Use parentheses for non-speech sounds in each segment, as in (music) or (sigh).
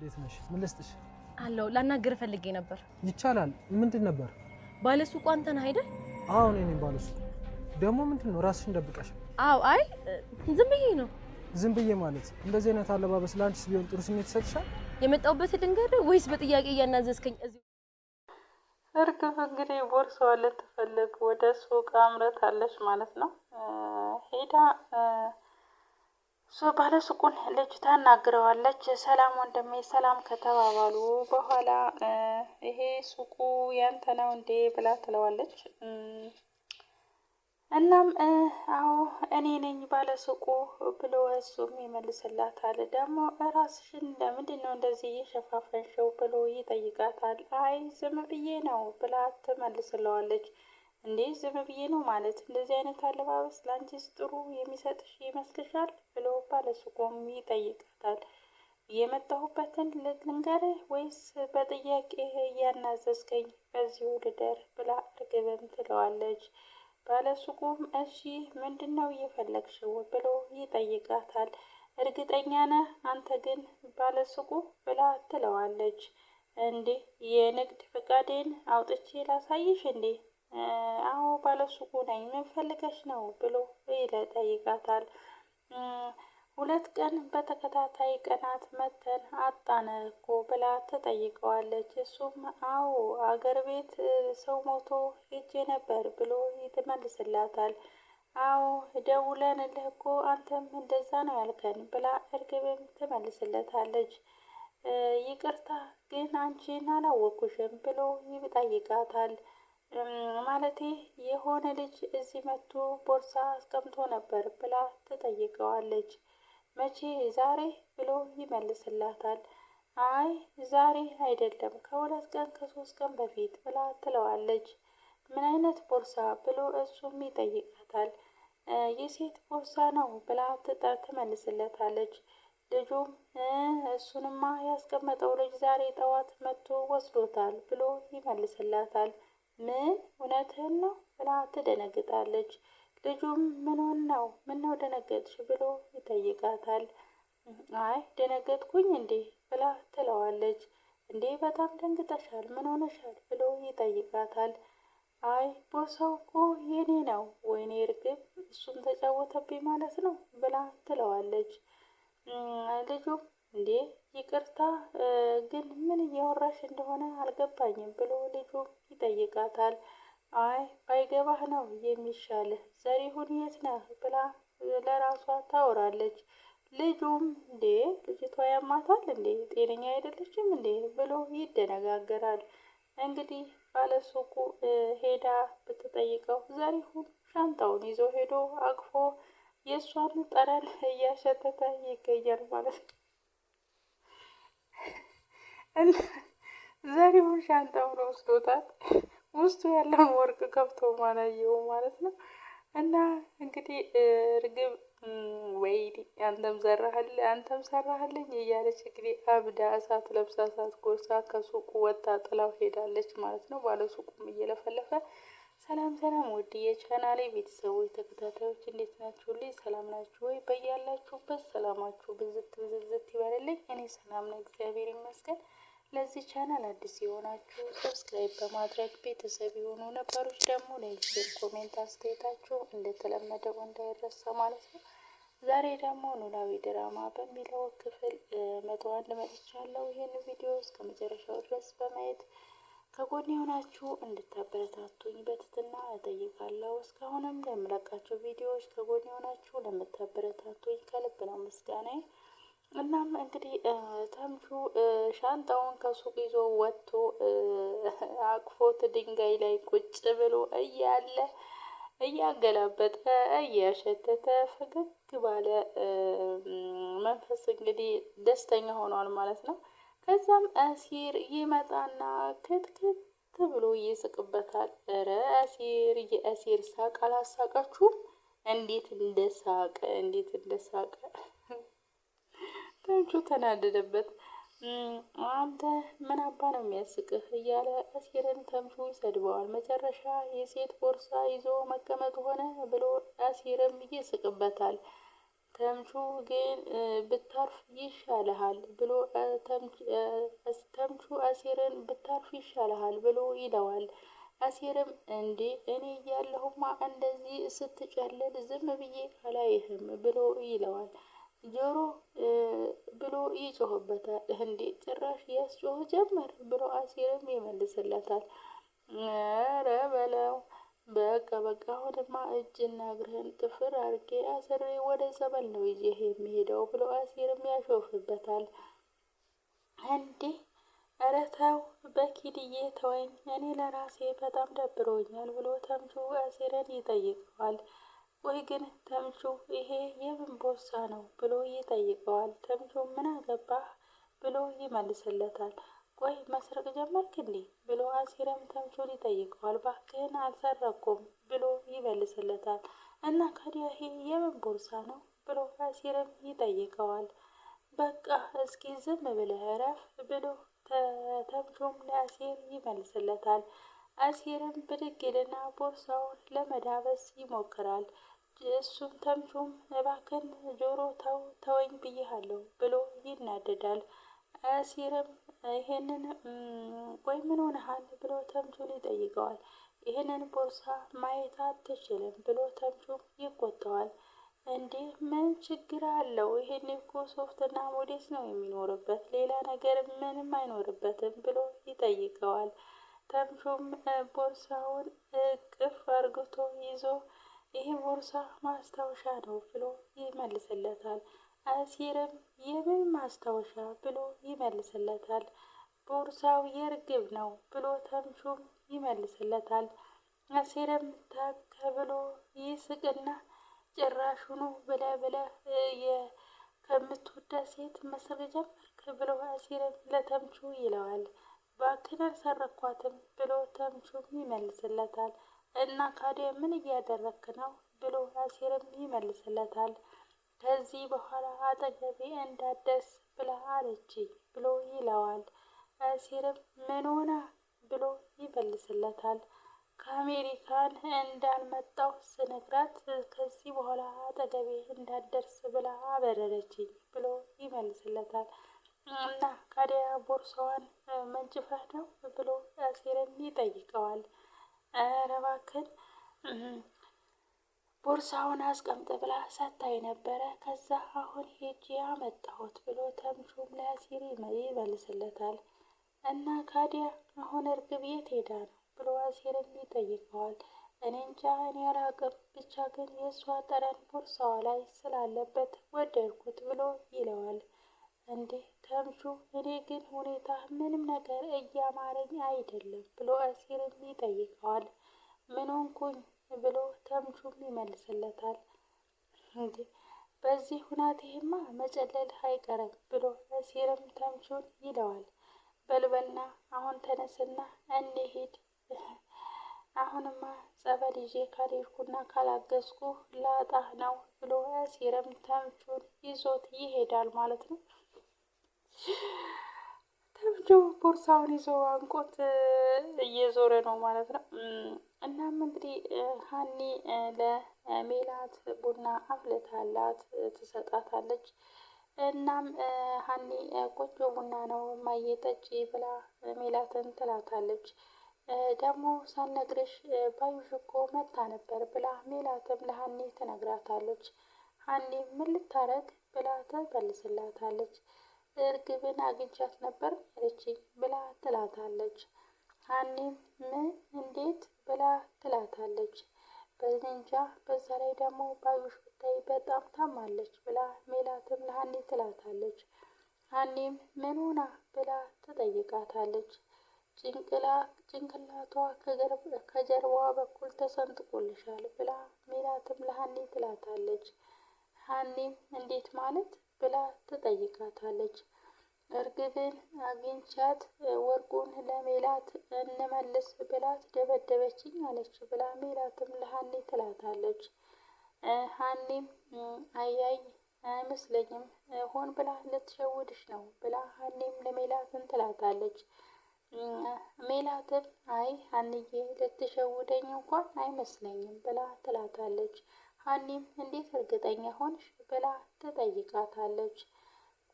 እንዴት ነሽ? ምን ልስጥሽ? አለሁ። ላናግርህ ፈልጌ ነበር። ይቻላል። ምንድን ነበር? ባለሱቁ አንተ ነህ አይደል? አዎ፣ እኔ ነኝ ባለሱቁ። ደግሞ ምንድን ነው ራስሽን ደብቀሽ? አዎ። አይ ዝም ብዬ ነው። ዝም ብዬ ማለት እንደዚህ አይነት አለባበስ ለአንቺስ ቢሆን ጥሩ ስሜት ይሰጥሻል? የመጣሁበት ድንገር ወይስ በጥያቄ እያናዘዝከኝ? እዚህ እርግብ እንግዲህ ቦርሳዋ ልትፈልግ ወደ ሱቅ አምርታለች ማለት ነው ሄዳ ባለሱቁን ልጅ ታናግረዋለች። ሰላም ወንድሜ ሰላም ከተባባሉ በኋላ ይሄ ሱቁ ያንተ ነው እንዴ ብላ ትለዋለች። እናም አዎ እኔ ነኝ ባለሱቁ ብሎ እሱም ይመልስላታል። ደግሞ ራስሽን ለምንድን ነው እንደዚህ እየሸፋፈንሽው ብሎ ይጠይቃታል። አይ ዝም ብዬ ነው ብላ ትመልስለዋለች። እንዴ ዝም ብዬ ነው ማለት እንደዚህ አይነት አለባበስ ለአንቺስ ጥሩ የሚሰጥሽ ይመስልሻል? ብሎ ባለሱቆም ይጠይቃታል። የመጣሁበትን ልንገርህ ወይስ በጥያቄ እያናዘዝከኝ በዚሁ ልደር? ብላ እርግብም ትለዋለች። ባለሱቁም እሺ ምንድን ነው እየፈለግሽው? ብሎ ይጠይቃታል። እርግጠኛ ነህ አንተ ግን ባለሱቁ? ብላ ትለዋለች። እንዴ የንግድ ፈቃዴን አውጥቼ ላሳይሽ እንዴ አዎ ባለሱቁ ነኝ ምን ፈልገሽ ነው ብሎ ይጠይቃታል። ሁለት ቀን በተከታታይ ቀናት መተን አጣነ እኮ ብላ ትጠይቀዋለች። እሱም አዎ አገር ቤት ሰው ሞቶ ሄጄ ነበር ብሎ ይመልስላታል። አዎ ደውለንልህ እኮ አንተም እንደዛ ነው ያልከን ብላ እርግብም ትመልስለታለች። ይቅርታ ግን አንቺን አላወኩሽም ብሎ ይጠይቃታል። ማለቴ የሆነ ልጅ እዚህ መጥቶ ቦርሳ አስቀምጦ ነበር ብላ ትጠይቀዋለች። መቼ ዛሬ ብሎ ይመልስላታል። አይ ዛሬ አይደለም ከሁለት ቀን ከሶስት ቀን በፊት ብላ ትለዋለች። ምን አይነት ቦርሳ ብሎ እሱም ይጠይቃታል። የሴት ቦርሳ ነው ብላ ትጠር ትመልስለታለች። ልጁም እሱንማ ያስቀመጠው ልጅ ዛሬ ጠዋት መጥቶ ወስዶታል ብሎ ይመልስላታል። ምን እውነትህን ነው ብላ ትደነግጣለች። ልጁም ምንሆን ነው ነው ደነገጥሽ ብሎ ይጠይቃታል። አይ ደነገጥኩኝ እንዴ ብላ ትለዋለች። እንዴ በጣም ደንግጠሻል፣ ምን ሆነሻል ብሎ ይጠይቃታል። አይ ቦርሳው እኮ የኔ ነው፣ ወይኔ እርግብ እሱም ተጫወተብኝ ማለት ነው ብላ ትለዋለች። ልጁም እንዴ ይቅርታ ግን ምን እያወራሽ እንደሆነ አልገባኝም ብሎ ልጁ ይጠይቃታል። አይ ባይገባህ ነው የሚሻልህ፣ ዘሪሁን የት ነህ ብላ ለራሷ ታወራለች። ልጁም እንዴ ልጅቷ ያማታል እንዴ ጤነኛ አይደለችም እንዴ ብሎ ይደነጋገራል። እንግዲህ ባለሱቁ ሄዳ ብትጠይቀው ዘሪሁን ሻንጣውን ይዞ ሄዶ አቅፎ የእሷን ጠረን እያሸተተ ይገኛል ማለት ነው። ዘሪሁን ሻንጣ ብሎ ወስዶታል። ውስጡ ያለውን ወርቅ ከፍቶ ማላየው ማለት ነው። እና እንግዲህ እርግብ ወይ አንተም ዘራህል አንተም ሰራህልኝ እያለች እንግዲህ አብዳ እሳት ለብሳ እሳት ጎርሳ ከሱቁ ወጣ ጥላው ሄዳለች ማለት ነው። ባለ ሱቁም እየለፈለፈ ሰላም ሰላም፣ ውድ የቻናሌ ቤተሰቦች ተከታታዮች እንዴት ናችሁልኝ? ሰላም ናችሁ ወይ? በያላችሁበት ሰላማችሁ ብዝት ብዝዝት ይበልልኝ። እኔ ሰላም ነው፣ እግዚአብሔር ይመስገን። ለዚህ ቻናል አዲስ የሆናችሁ ሰብስክራይብ በማድረግ ቤተሰብ የሆኑ ነባሮች ደግሞ ላይክ፣ ኮሜንት አስተያየታችሁ እንደተለመደው እንዳይረሳ ማለት ነው። ዛሬ ደግሞ ኖላዊ ድራማ በሚለው ክፍል መቶ አንድ መጥቻለሁ። ይህን ቪዲዮ እስከ መጨረሻው ድረስ በማየት ከጎን የሆናችሁ እንድታበረታቱኝ በትትና እጠይቃለሁ። እስካሁንም ለምለቃቸው ቪዲዮዎች ከጎን የሆናችሁ ለምታበረታቱኝ ከልብ ነው ምስጋናዬ። እናም እንግዲህ ተምቹ ሻንጣውን ከሱቅ ይዞ ወጥቶ አቅፎት ድንጋይ ላይ ቁጭ ብሎ እያለ እያገላበጠ እያሸተተ ፈገግ ባለ መንፈስ እንግዲህ ደስተኛ ሆኗል ማለት ነው። ከዛም አሲር ይመጣና ክትክት ብሎ ይስቅበታል። እረ አሲር የአሲር ሳቅ አላሳቃችሁም? እንዴት እንደሳቀ እንዴት እንደሳቀ ተምቹ ተናደደበት። አንተ ምን አባ ነው የሚያስቅህ እያለ አሲርን ተምቹ ይሰድበዋል። መጨረሻ የሴት ቦርሳ ይዞ መቀመጥ ሆነ ብሎ አሲርም ይስቅበታል። ተምቹ ግን ብታርፍ ይሻልሃል ብሎ ተምቹ አሲርን ብታርፍ ይሻልሃል ብሎ ይለዋል። አሲርም እንዴ እኔ እያለሁማ እንደዚህ ስትጨለል ዝም ብዬ አላይህም ብሎ ይለዋል። ጆሮ ብሎ ይጮህበታል። እንዴ ጭራሽ ያስጮህ ጀመር ብሎ አሲርም ይመልስለታል። ኧረ በለው በቃ በቃ አሁንማ እጅና እግርህን ጥፍር አርጌ አስሬ ወደ ዘመን ነው ይዤህ የሚሄደው ብሎ አሲርም ያሾፍበታል። እንዴ ኧረ ተው በኪድዬ ተወኝ፣ እኔ ለራሴ በጣም ደብሮኛል ብሎ ተምቹ አሲርን ይጠይቀዋል። ወይ ግን ተምቹ ይሄ የምን ቦርሳ ነው ብሎ ይጠይቀዋል። ተምቹ ምን አገባ ብሎ ይመልስለታል። ወይ መስረቅ ጀመርክ እንዴ ብሎ አሲረም ተምቹን ይጠይቀዋል። ባክህን አልሰረቁም ብሎ ይመልስለታል። እና ካዲያ ይሄ የምን ቦርሳ ነው ብሎ አሲረም ይጠይቀዋል። በቃ እስኪ ዝም ብለህ እረፍ ብሎ ተምቹም ለአሲር ይመልስለታል። አሲርም ብድግ ይልና ቦርሳውን ለመዳበስ ይሞክራል። እሱም ተምቹም እባክን ጆሮ ተው ተወኝ ብዬሃለሁ ብሎ ይናደዳል። አሲርም ይሄንን ቆይ ምን ሆነሃል ብሎ ተምቹን ይጠይቀዋል። ይህንን ቦርሳ ማየት አትችልም ብሎ ተምቹም ይቆጠዋል። እንዲህ ምን ችግር አለው? ይሄን እኮ ሶፍትና ሞዴስ ነው የሚኖርበት ሌላ ነገር ምንም አይኖርበትም ብሎ ይጠይቀዋል። ተምቹም ቦርሳውን እቅፍ አርግቶ ይዞ ይህ ቦርሳ ማስታወሻ ነው ብሎ ይመልስለታል። አሲርም የምን ማስታወሻ ብሎ ይመልስለታል። ቦርሳው የርግብ ነው ብሎ ተምቹም ይመልስለታል። አሲርም ታከ ብሎ ይስቅና ጭራሹኑ ብለ ብለ ከምትወዳት ሴት መስር ጀመርክ ብሎ አሲርም ለተምቹ ይለዋል። ባክን አልሰረኳትም ብሎ ተምቹም ይመልስለታል። እና ካዲያ ምን እያደረክ ነው ብሎ ናሲርም ይመልስለታል። ከዚህ በኋላ አጠገቤ እንዳደስ ብላ አለችኝ ብሎ ይለዋል። ናሲርም ምን ብሎ ይመልስለታል። ከአሜሪካን እንዳልመጣው ስነግራት ከዚህ በኋላ አጠገቤ እንዳደርስ ብላ አበረረችኝ ብሎ ይመልስለታል። እና ካዲያ ቦርሳዋን መንጭፋ ነው ብሎ ናሲርም ይጠይቀዋል። ኧረ እባክህ ቦርሳውን አስቀምጥ ብላ ሳታይ ነበረ። ከዛ አሁን ሄጄ ያመጣሁት ብሎ ተምቹም ለአሲር ይመልስለታል። እና ካዲያ አሁን እርግብ የት ሄዳ ነው ብሎ አሲርም ይጠይቀዋል። እኔ እንጃ እኔ አላቅም፣ ብቻ ግን የእሷ ጠረን ቦርሳዋ ላይ ስላለበት ወደድኩት ብሎ ይለዋል። እንዴ ተምቹ፣ እኔ ግን ሁኔታ ምንም ነገር እያማረኝ አይደለም ብሎ አሲርም ይጠይቀዋል። ምን ሆንኩኝ ብሎ ተምቹም ይመልስለታል። እንዴ በዚህ ሁናቴህማ መጨለል አይቀርም ብሎ አሲርም ተምቹን ይለዋል። በልበልና አሁን ተነስና እንሂድ። አሁንማ ጸበል ይዤ ካልሄድኩና ካላገዝኩ ላጣህ ነው ብሎ አሲርም ተምቹን ይዞት ይሄዳል ማለት ነው። ተብጆ ቦርሳውን ይዞ አንቆት እየዞረ ነው ማለት ነው። እናም እንግዲህ ሀኒ ለሜላት ቡና አፍልታላት ትሰጣታለች። እናም ሀኒ ቆጆ ቡና ነው ማየጠጭ ብላ ሜላትን ትላታለች። ደግሞ ሳልነግርሽ ባዩሽ እኮ መታ ነበር ብላ ሜላትም ለሀኒ ትነግራታለች። ሀኒ ምን ልታረግ ብላ ትመልስላታለች። እርግብን አግኝቻት ነበር አለችኝ ብላ ትላታለች። ሀኒም ምን እንዴት ብላ ትላታለች። በንንጃ በዛ ላይ ደግሞ ባዩሽ ብታይ በጣም ታማለች ብላ ሜላትም ለሀኒ ትላታለች። ሀኒም ምን ሆና ብላ ትጠይቃታለች። ጭንቅላቷ ከጀርባዋ በኩል ተሰንጥቆልሻል ብላ ሜላትም ለሀኒ ትላታለች። ሀኒም እንዴት ማለት ብላ ትጠይቃታለች። እርግብን አግኝቻት ወርቁን ለሜላት እንመልስ ብላት ደበደበችኝ አለችው ብላ ሜላትም ለሀኒ ትላታለች። ሀኒም አያይ አይመስለኝም ሆን ብላ ልትሸውድሽ ነው ብላ ሀኒም ለሜላትን ትላታለች። ሜላትም አይ ሀኒዬ ልትሸውደኝ እንኳን አይመስለኝም ብላ ትላታለች። ሀኒም እንዴት እርግጠኛ ሆንሽ ብላ ትጠይቃታለች።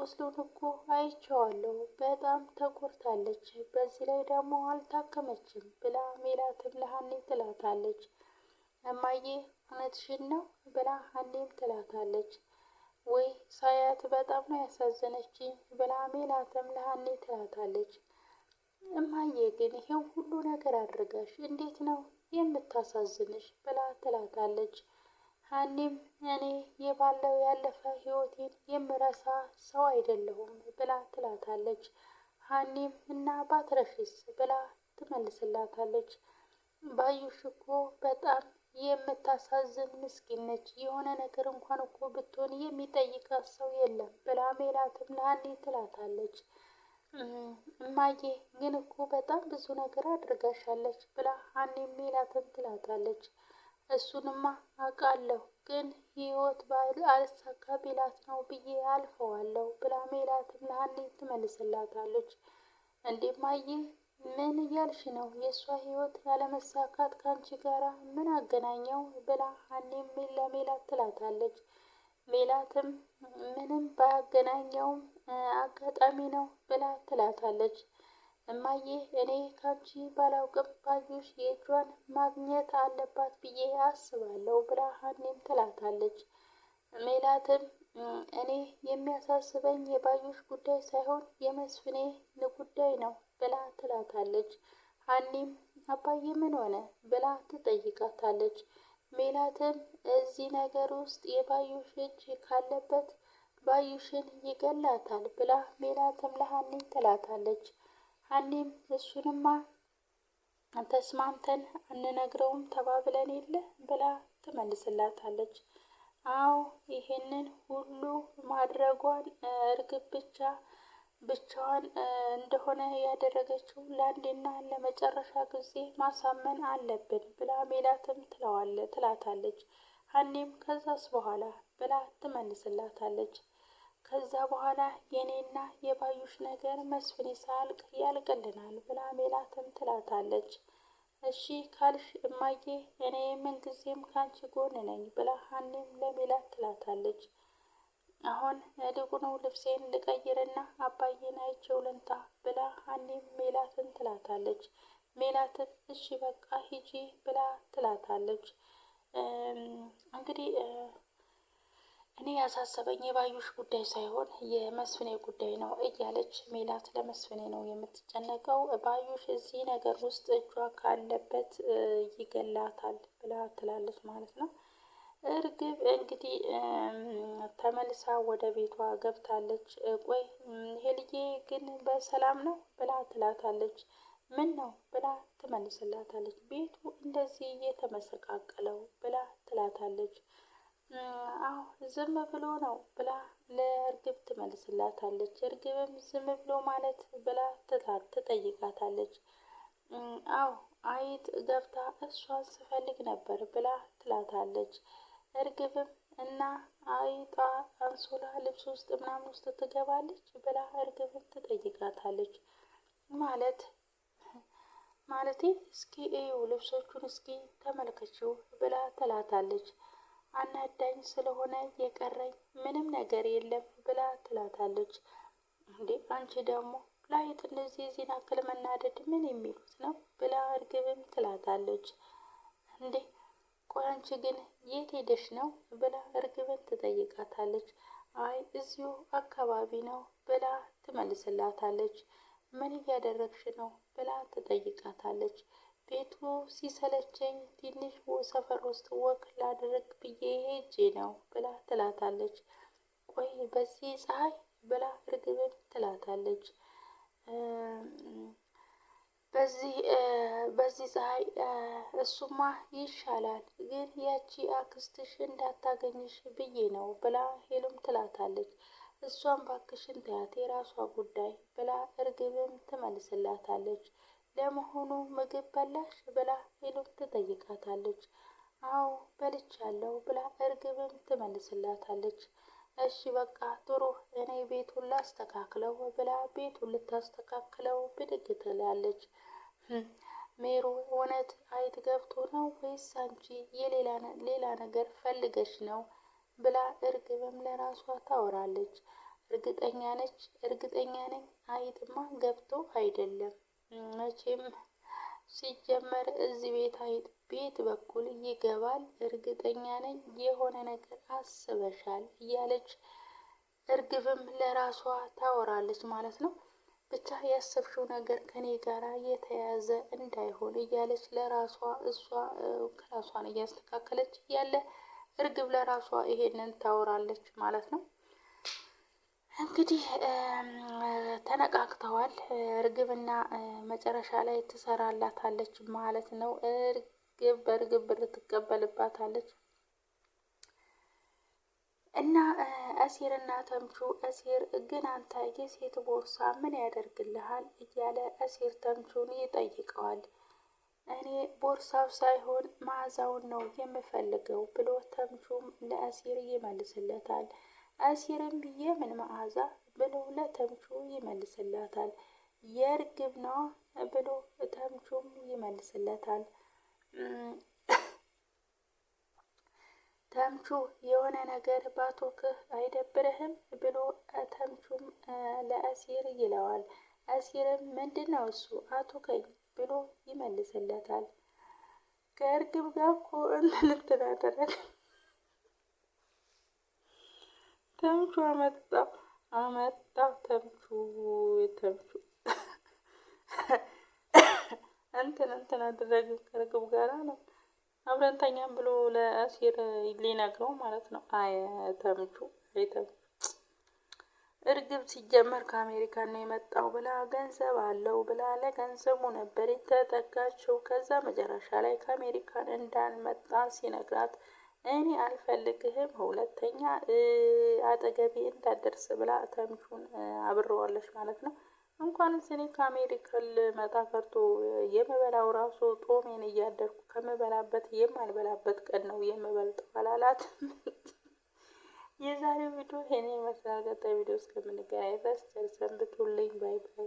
ቁስሉን እኮ አይቼዋለሁ በጣም ተጎድታለች፣ በዚህ ላይ ደግሞ አልታከመችም ብላ ሜላትም ለሀኔ ትላታለች። እማዬ እውነትሽን ነው ብላ ሀኔም ትላታለች። ወይ ሳያት በጣም ነው ያሳዘነችኝ ብላ ሜላትም ለሀኔ ትላታለች። እማዬ ግን ይሄው ሁሉ ነገር አድርጋሽ እንዴት ነው የምታሳዝንሽ ብላ ትላታለች። ሀኒም እኔ የባለው ያለፈ ህይወቴን የምረሳ ሰው አይደለሁም ብላ ትላታለች። ሀኒም እና ባትረሽስ ብላ ትመልስላታለች። ባዩሽ እኮ በጣም የምታሳዝን ምስኪን ነች። የሆነ ነገር እንኳን እኮ ብትሆን የሚጠይቃት ሰው የለም ብላ ሜላትም ለሀኒ ትላታለች። እማዬ ግን እኮ በጣም ብዙ ነገር አድርጋሻለች ብላ ሀኒም ሜላትም ትላታለች። እሱንማ አውቃለሁ ግን ህይወት አልሳካ ቢላት ነው ብዬ አልፈዋለሁ ብላ ሜላትም ለሀንዬ ትመልስላታለች። እንዴማየ ምን እያልሽ ነው? የእሷ ህይወት ያለመሳካት ከአንቺ ጋራ ምን አገናኘው? ብላ ሀኔም ለሜላት ትላታለች። ሜላትም ምንም ባያገናኘውም አጋጣሚ ነው ብላ ትላታለች። እማዬ እኔ ካንቺ ባላውቅም ባዩሽ የእጇን ማግኘት አለባት ብዬ አስባለሁ ብላ ሀኔም ትላታለች። ሜላትም እኔ የሚያሳስበኝ የባዩሽ ጉዳይ ሳይሆን የመስፍኔ ጉዳይ ነው ብላ ትላታለች። ሀኒም አባዬ ምን ሆነ ብላ ትጠይቃታለች። ሜላትም እዚህ ነገር ውስጥ የባዩሽ እጅ ካለበት ባዩሽን ይገላታል ብላ ሜላትም ለሀኔ ትላታለች። ሀኒም እሱንማ ተስማምተን አንነግረውም ተባብለን የለ ብላ ትመልስላታለች። አዎ ይሄንን ሁሉ ማድረጓን እርግብ ብቻ ብቻዋን እንደሆነ ያደረገችው ለአንዴና ለመጨረሻ ጊዜ ማሳመን አለብን ብላ ሜላትም ትለዋለ ትላታለች። ሀኒም ከዛስ በኋላ ብላ ትመልስላታለች። ከዛ በኋላ የኔና የባዩሽ ነገር መስፍኔ ሳያልቅ ያልቅልናል ብላ ሜላትም ትላታለች። እሺ ካልሽ እማዬ እኔ ጊዜም ካንቺ ጎን ነኝ ብላ ሀኒም ለሜላት ትላታለች። አሁን ልቁኑ ልብሴን ልቀይርና አባዬን አይቼው ልምጣ ብላ ሀኒም ሜላትን ትላታለች። ሜላትም እሺ በቃ ሂጂ ብላ ትላታለች። እንግዲህ እኔ ያሳሰበኝ የባዩሽ ጉዳይ ሳይሆን የመስፍኔ ጉዳይ ነው እያለች ሜላት ለመስፍኔ ነው የምትጨነቀው። ባዩሽ እዚህ ነገር ውስጥ እጇ ካለበት ይገላታል ብላ ትላለች ማለት ነው። እርግብ እንግዲህ ተመልሳ ወደ ቤቷ ገብታለች። ቆይ ሄልዬ ግን በሰላም ነው ብላ ትላታለች። ምን ነው ብላ ትመልስላታለች። ቤቱ እንደዚህ የተመሰቃቀለው ብላ ትላታለች። አዎ ዝም ብሎ ነው ብላ ለእርግብ ትመልስላታለች። እርግብም ዝም ብሎ ማለት ብላ ትጠይቃታለች። አዎ አይጥ ገብታ እሷን ስፈልግ ነበር ብላ ትላታለች። እርግብም እና አይጧ አንሶላ ልብስ ውስጥ ምናምን ውስጥ ትገባለች ብላ እርግብም ትጠይቃታለች። ማለት ማለቴ እስኪ እዩ ልብሶቹን እስኪ ተመልከቺው ብላ ትላታለች። አናዳኝ ስለሆነ የቀረኝ ምንም ነገር የለም ብላ ትላታለች። እንዴ አንቺ ደግሞ ላይት እንደዚህ የዜና ክል መናደድ ምን የሚሉት ነው ብላ እርግብም ትላታለች። እንዴ ቆይ አንቺ ግን የት ሄደሽ ነው ብላ እርግብን ትጠይቃታለች። አይ እዚሁ አካባቢ ነው ብላ ትመልስላታለች። ምን እያደረግሽ ነው ብላ ትጠይቃታለች። ቤቱ ሲሰለቸኝ ትንሽ ሰፈር ውስጥ ወክ ላደረግ ብዬ ሄጄ ነው ብላ ትላታለች። ቆይ በዚህ ፀሐይ ብላ እርግብም ትላታለች። በዚህ ፀሐይ እሱማ ይሻላል፣ ግን ያቺ አክስትሽ እንዳታገኝሽ ብዬ ነው ብላ ሄሉም ትላታለች። እሷም ባክሽን ተያት የራሷ ጉዳይ ብላ እርግብም ትመልስላታለች። ለመሆኑ ምግብ በላሽ ብላ ሄኖክ ትጠይቃታለች። አዎ በልቻለሁ ብላ እርግብም ትመልስላታለች። እሺ በቃ ጥሩ እኔ ቤቱን ላስተካክለው ብላ ቤቱን ልታስተካክለው ብድግ ትላለች። ሜሩ እውነት አይጥ ገብቶ ነው ወይስ አንቺ የሌላ ነገር ፈልገሽ ነው ብላ እርግብም ለራሷ ታወራለች። እርግጠኛ ነች እርግጠኛ ነኝ አይጥማ ገብቶ አይደለም መቼም ሲጀመር እዚህ ቤት አይጥ ቤት በኩል ይገባል፣ እርግጠኛ ነኝ የሆነ ነገር አስበሻል እያለች እርግብም ለራሷ ታወራለች ማለት ነው። ብቻ ያሰብሽው ነገር ከኔ ጋር የተያያዘ እንዳይሆን እያለች ለራሷ እሷ ራሷን እያስተካከለች እያለ እርግብ ለራሷ ይሄንን ታወራለች ማለት ነው። እንግዲህ ተነቃቅተዋል። እርግብና መጨረሻ ላይ ትሰራላታለች ማለት ነው። እርግብ በእርግብ ብር ትቀበልባታለች። እና አሲር እና ተምቹ እሲር ግን አንተ የሴት ቦርሳ ምን ያደርግልሃል? እያለ እሴር ተምቹን ይጠይቀዋል። እኔ ቦርሳው ሳይሆን መዓዛውን ነው የምፈልገው ብሎ ተምቹም ለእሲር ይመልስለታል። አሲርም ብዬ ምን መዓዛ ብሎ ለተምቹ ይመልስለታል። የእርግብ ነው ብሎ ተምቹም ይመልስለታል። ተምቹ የሆነ ነገር ባቶክህ አይደብርህም ብሎ ተምቹም ለአሲር ይለዋል። አሲርም ምንድን ነው እሱ አቶከኝ ብሎ ይመልስለታል። ከእርግብ ጋር እኮ እንትን ተምቹ አመጣ አመጣ ተምቹ ተምቹ (laughs) እንትን እንትን አደረግ ከርግብ ጋር ነው አብረን ተኛም ብሎ ለአሲር ሊነግረው ማለት ነው። አይ ተምቹ አይ ተምቹ እርግብ ሲጀመር ከአሜሪካን ነው የመጣው ብላ ገንዘብ አለው ብላ ለገንዘቡ ነበር የተጠጋችው። ከዛ መጨረሻ ላይ ከአሜሪካን እንዳልመጣ ሲነግራት እኔ አልፈልግህም፣ ሁለተኛ አጠገቤ እንዳደርስ ብላ ተምቹን አብረዋለች ማለት ነው። እንኳንስ እኔ ከአሜሪካ ልመጣ ቀርቶ የምበላው ራሱ ጦሜን እያደርኩ ከምበላበት የማልበላበት ቀን ነው የምበልጠው አላላት። የዛሬው ቪዲዮ ይሄን ይመስላል። ቀጣይ ቪዲዮ እስከምንገናኝ ድረስ ሰንብቱልኝ። ባይ ባይ።